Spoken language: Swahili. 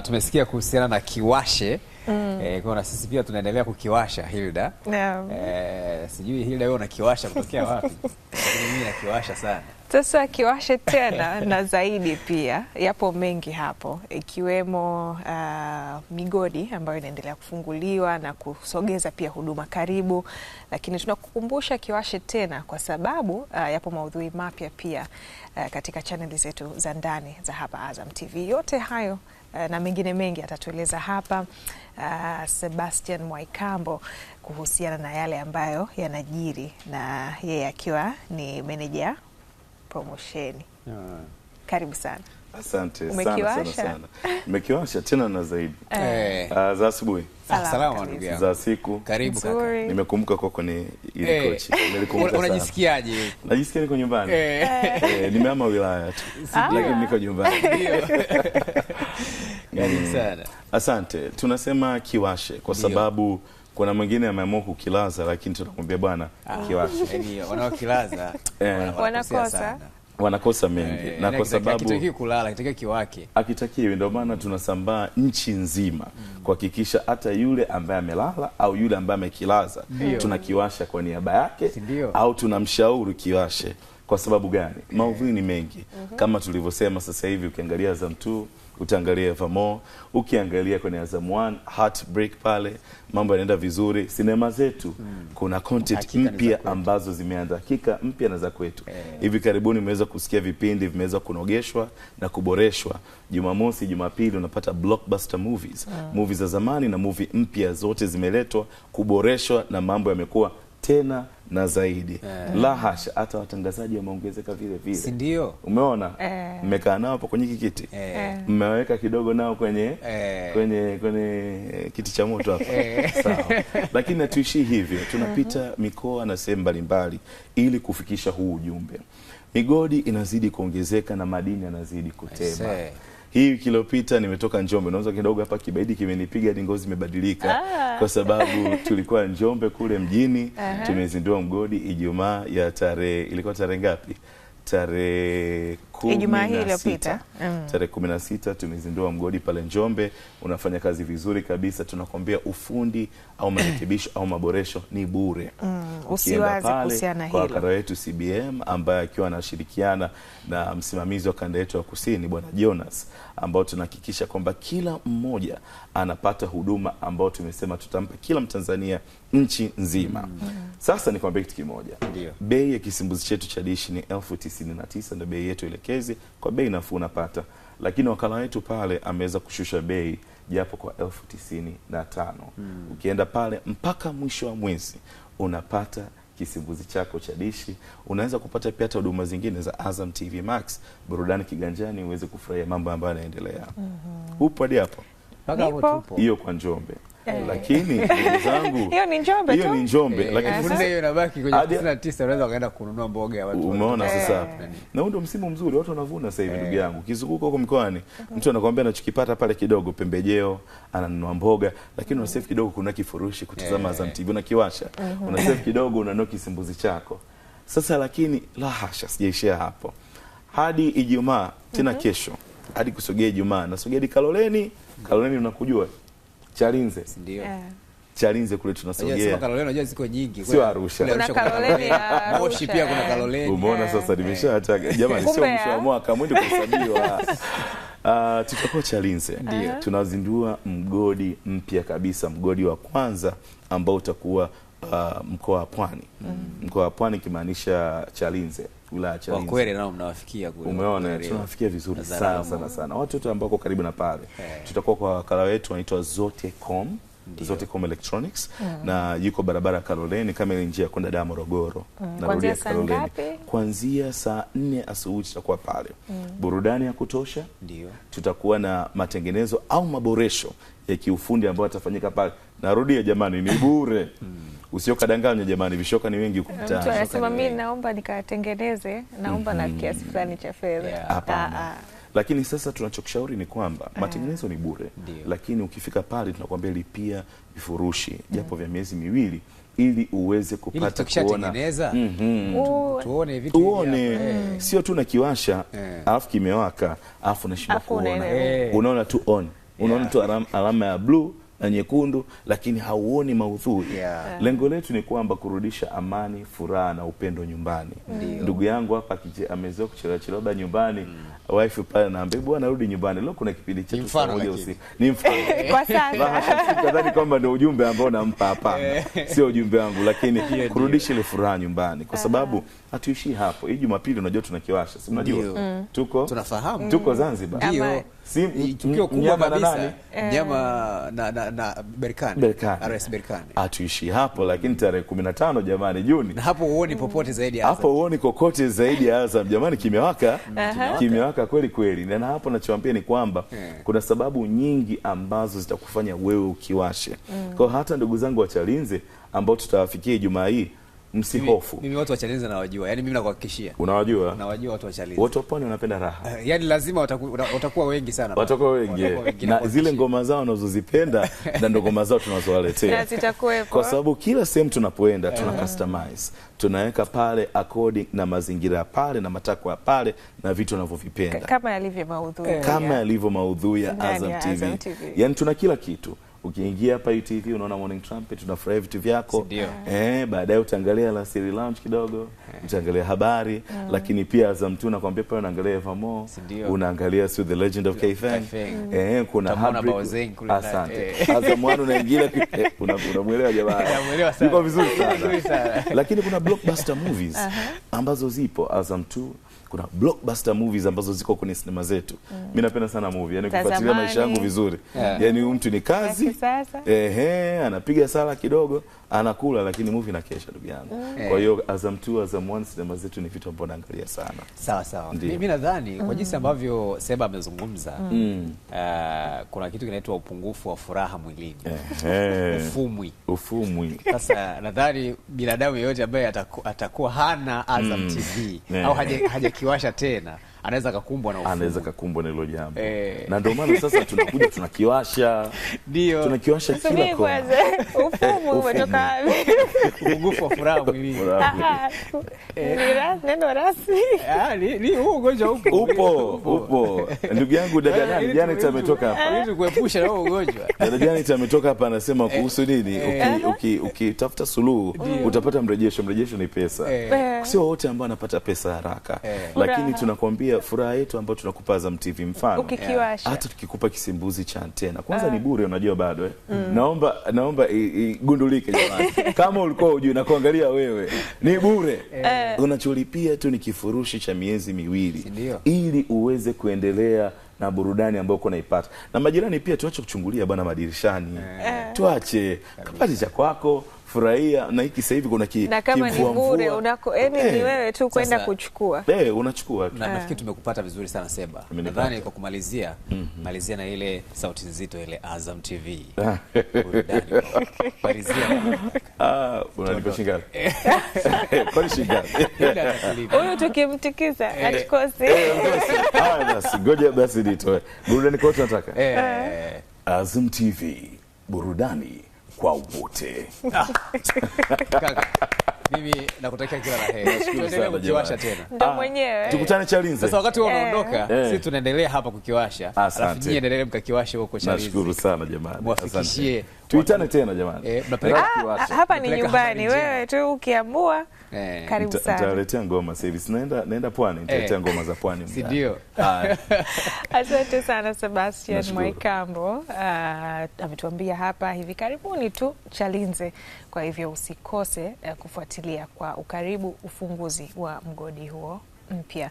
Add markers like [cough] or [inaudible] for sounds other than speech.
Uh, tumesikia kuhusiana na kiwashe mm. E, kwa na sisi pia tunaendelea kukiwasha Hilda. Yeah. E, sijui Hilda wewe unakiwasha kutokea wapi? [laughs] Mimi nakiwasha sana. Sasa kiwashe tena na zaidi pia yapo mengi hapo ikiwemo uh, migodi ambayo inaendelea kufunguliwa na kusogeza pia huduma karibu, lakini tunakukumbusha kiwashe tena kwa sababu uh, yapo maudhui mapya pia uh, katika chaneli zetu za ndani za hapa Azam TV. Yote hayo Eh, na mengine mengi atatueleza hapa uh, Sebastian Mwaikambo kuhusiana na yale ambayo yanajiri na yeye akiwa ni meneja promosheni. Karibu sana. Asante sana sana sana. Nimekiwasha tena na zaidi eh. Uh, za asubuhi ah, salama ndugu yangu, za siku. Karibu kaka. Nimekumbuka kwako ni ile coach. Kochi nilikumbuka. Unajisikiaje? Najisikia niko nyumbani eh. Eh, nimeama wilaya tu ah. lakini niko nyumbani Ndio. [laughs] [laughs] Karibu mm. sana. Asante. Tunasema kiwashe kwa sababu kuna mwingine ameamua kukilaza, lakini tunakwambia bwana ah, kiwashe. [laughs] Wanaokilaza eh. wanakosa wanakosa mengi eh, na kwa sababu hakitakiwi kulala, kiwake, Ndio maana tunasambaa nchi nzima mm, kuhakikisha hata yule ambaye amelala au yule ambaye amekilaza tunakiwasha kwa niaba yake, au tunamshauri kiwashe. Kwa sababu gani? Eh. Maudhui ni mengi mm -hmm. Kama tulivyosema sasa hivi, ukiangalia Azam 2 utaangalia Evermore, ukiangalia kwenye Azam 1 Heartbreak pale mambo yanaenda vizuri. Sinema zetu mm. kuna content mpya ambazo zimeanza hakika mpya na za kwetu eh. Hivi karibuni umeweza kusikia vipindi vimeweza kunogeshwa na kuboreshwa. Jumamosi, Jumapili unapata blockbuster movies mm. movies za zamani na movie mpya zote zimeletwa kuboreshwa na mambo yamekuwa tena na zaidi yeah. La hasha, hata watangazaji wameongezeka vile vile, si ndio? Umeona yeah. Mmekaa nao hapo kwenye kikiti yeah. Eh. Mmeweka kidogo nao kwenye yeah. kwenye kwenye eh, kiti cha moto hapo eh. sawa, [laughs] lakini hatuishii hivyo, tunapita mhm. mikoa na sehemu mbalimbali ili kufikisha huu ujumbe. Migodi inazidi kuongezeka na madini yanazidi kutema hii wiki iliyopita nimetoka Njombe, naanza kidogo hapa kibaidi kimenipiga hadi ngozi imebadilika ah, kwa sababu [laughs] tulikuwa Njombe kule mjini uh -huh. Tumezindua mgodi Ijumaa ya tarehe, ilikuwa tarehe ngapi? tarehe Ijumaa hii iliyopita mm. tarehe tumezindua mgodi pale Njombe, unafanya kazi vizuri kabisa. Tunakwambia ufundi au marekebisho au maboresho ni bure mm. usiwaze kuhusiana hilo. wakala wetu CBM ambaye akiwa anashirikiana na msimamizi wa kanda yetu ya kusini Bwana Jonas, ambao tunahakikisha kwamba kila mmoja anapata huduma ambao tumesema tutampa kila Mtanzania nchi nzima mm. Sasa nikwambia kitu kimoja, bei ya kisimbuzi chetu cha dishi ni elfu tisini na tisa ndio bei yetu ile uwekeze kwa bei nafuu unapata, lakini wakala wetu pale ameweza kushusha bei japo kwa elfu tisini na tano hmm. Ukienda pale mpaka mwisho wa mwezi unapata kisimbuzi chako cha dishi. Unaweza kupata pia hata huduma zingine za Azam TV Max, burudani kiganjani, uweze kufurahia mambo ambayo yanaendelea. mm -hmm. Upo hadi hapo hiyo kwa Njombe. Eh. lakini [laughs] zangu, hiyo ni Njombe, hiyo ni Njombe, eh. lakini hiyo inabaki kwenye 99 unaweza kaenda kununua mboga ya watu. Umeona sasa, eh. na huo ndio msimu mzuri watu wanavuna sasa hivi. Ndugu yangu, kizunguko huko mkoani, mtu anakuambia anachokipata pale kidogo, pembejeo, ananunua mboga, lakini una unasave kidogo, kuna kifurushi kutazama Azam TV na kiwasha, mhm. una unasave kidogo, unanua kisimbuzi chako sasa. Lakini la hasha, sijaishia hapo, hadi Ijumaa tena mhm. kesho, hadi kusogea Ijumaa nasogea hadi Kaloleni. Kaloleni unakujua Chalinze ndio yeah. Chalinze kule tunasogea. Kaloleni unajua ziko nyingi. Sio Arusha. Kuna Moshi pia kuna Umeona sasa eh. nimeshataja. [laughs] Jamani sio mwisho wa eh? mwaka mwende kuhesabiwa. Uh, [laughs] ah, tutakuwa Chalinze ndio tunazindua mgodi mpya kabisa, mgodi wa kwanza ambao utakuwa uh, mkoa wa Pwani mm. mkoa wa Pwani kimaanisha Chalinze wilaya ya Chalinze. Kwa kweli nao mnawafikia kule. Umeona tunawafikia vizuri sana sana sana. Watu wote ambao karibu na pale. Hey. Tutakuwa kwa wakala wetu wanaitwa Zotecom. Zotecom Electronics mm. na yuko barabara Karoleni kama ile njia kwenda Dar Morogoro mm. narudia Kaloleni kuanzia saa nne asubuhi tutakuwa pale mm. burudani ya kutosha ndio tutakuwa na matengenezo au maboresho ya kiufundi ambayo yatafanyika pale narudia jamani ni bure mm usiokadanganywa jamani, vishoka ni wengi huko mtaani. Mtu anasema mimi naomba nikatengeneze, naomba na mhm. kiasi fulani cha fedha. Hapana. Ah, ah. Lakini sasa tunachokushauri ni kwamba eh. matengenezo ni bure, lakini ukifika pale tunakwambia lipia vifurushi mm. japo vya miezi miwili ili uweze kupata kuona mhm. tuone vitu tuone eh. sio tu na kiwasha eh. alafu kimewaka alafu unashindwa kuona unaona tu on unaona tu alama ya blue na nyekundu, lakini hauoni maudhui yeah. Lengo letu ni kwamba kurudisha amani, furaha na upendo nyumbani. mm. Ndugu yangu hapa amezoea kuchelewachelewa labda nyumbani mm. Wife pale naambia bwana, rudi nyumbani. Leo kuna kipindi chetu pamoja usiku, ni mfano [laughs] eh. kwa sana. Sidhani kwamba ndio ujumbe ambao nampa, hapana, eh. sio ujumbe wangu, lakini kurudisha ile furaha nyumbani, kwa sababu hatuishii hapo. Hii Jumapili unajua tunakiwasha, si unajua mm. tuko tunafahamu, tuko mm. Zanzibar, ndio mnyama kubwa kabisa eh. na, na, na Berkane, Berkane. RS Berkane. Atuishi hapo lakini tarehe 15 jamani Juni. Na hapo uoni popote zaidi ya Azam. Hapo uoni kokote zaidi ya Azam jamani kimewaka. kimewaka kweli kweli. Na hapo nachoambia ni kwamba eh. kuna sababu nyingi ambazo zitakufanya wewe ukiwashe. Mm. Kwa hata ndugu zangu wa Chalinze ambao tutawafikia Ijumaa hii msihofu. Mimi watu wa Chalinze nawajua. yani mimi nakuhakikishia. Unawajua? Nawajua watu wa Chalinze. Watu wa Pwani wanapenda raha. Uh, yaani lazima watakuwa wengi sana. Watakuwa wengi. na zile ngoma zao wanazozipenda na ndo ngoma zao tunazowaletea. Kwa sababu kila sehemu tunapoenda eh. tuna customize. Tunaweka pale according na mazingira ya pale na matakwa ya pale na vitu wanavyovipenda. Kama yalivyo maudhui. Kama yalivyo maudhui ya Azam TV. yani tuna kila kitu. Ukiingia hapa UTV unaona Morning Trumpet, tunafurahi vitu vyako eh, baadaye utaangalia la siri Lounge kidogo, eh. utaangalia habari mm. Lakini pia Azam tu nakwambia pale unaangalia Evermore, unaangalia Sue the Legend of k mm. Eh, kuna habari asante eh. Azam wana unaingia [laughs] eh, unamuelewa jamaa [laughs] yuko vizuri sana lakini kuna blockbuster movies ambazo zipo Azam 2 kuna blockbuster movies ambazo ziko kwenye sinema zetu mm. Mimi napenda sana movie, yani kufuatilia maisha yangu vizuri yeah. Yani huyu mtu ni kazi ehe, anapiga sala kidogo, anakula lakini movie na kesha, ndugu yangu mm. Kwa hiyo Azam 2 Azam 1 sinema zetu ni vitu ambavyo naangalia sana. Sawa sawa, mimi nadhani kwa mm. jinsi ambavyo Seba amezungumza mm. uh, kuna kitu kinaitwa upungufu wa furaha mwilini ehe, ufumwi ufumwi. Sasa nadhani binadamu yeyote ambaye atakuwa hana Azam mm. TV yeah. au haja, haja akiwasha tena anaweza kakumbwa na anaweza kakumbwa na hilo jambo e. Na ndio maana sasa tunakuja tunakiwasha, [laughs] ndio tunakiwasha kila kona, [laughs] ufumu umetoka ugufu [laughs] wa furaha mwilini, neno rasmi ah, ni ni huo ugonjwa upo upo upo, ndugu yangu dada eh, nani Janet ametoka hapa ili kuepusha na ugonjwa. Dada Janet ametoka hapa anasema eh. kuhusu nini, ukitafuta suluhu utapata mrejesho. Mrejesho ni pesa, sio wote ambao wanapata pesa haraka, lakini tunakwambia pia furaha yetu ambayo tunakupa Azam TV mfano hata tukikupa kisimbuzi cha antena kwanza ah. ni bure unajua bado eh? mm. Naomba naomba igundulike jamani, [laughs] kama ulikuwa hujui na kuangalia wewe ni bure eh. eh. Unacholipia tu ni kifurushi cha miezi miwili ili uweze kuendelea na burudani ambayo uko naipata na majirani pia, tuache kuchungulia bwana madirishani eh. Tuache kapati cha kwako furahia na hiki sasa hivi kuna ki, na kama ni bure unako yani ni eh, wewe tu kwenda kuchukua eh, unachukua tu. Na ah. nafikiri tumekupata vizuri sana Seba, nadhani kwa kumalizia mm -hmm. malizia na ile sauti nzito ile Azam TV [laughs] burudani malizia ah, unalipa shingapi? [laughs] [laughs] kwa shingapi huyo tukimtikiza eh. atikosi eh, ah, basi ngoja basi nitoe burudani kwa tunataka eh, Azam TV burudani kwa wote. Ah. [laughs] mimi nakutakia kila la heri. Kukiwasha tena ah. mwenyewe, tukutane Chalinze. Sasa wakati wewe unaondoka, eh. Eh. sisi tunaendelea hapa kukiwasha, alafu nyinyi endelee mkakiwashe huko Chalinze. Nashukuru sana jamani, mwafikishie tuitane tena jamani. Eh, ah, hapa ni nyumbani, wewe tu ukiambua eh. Karibu sana. Nitaletea ngoma sasa hivi, Naenda naenda pwani, nitaletea eh. ngoma za pwani si ndio? [laughs] Asante sana Sebastian Mwaikambo, uh, ametuambia hapa hivi karibuni tu Chalinze, kwa hivyo usikose uh, kufuatilia kwa ukaribu ufunguzi wa mgodi huo mpya.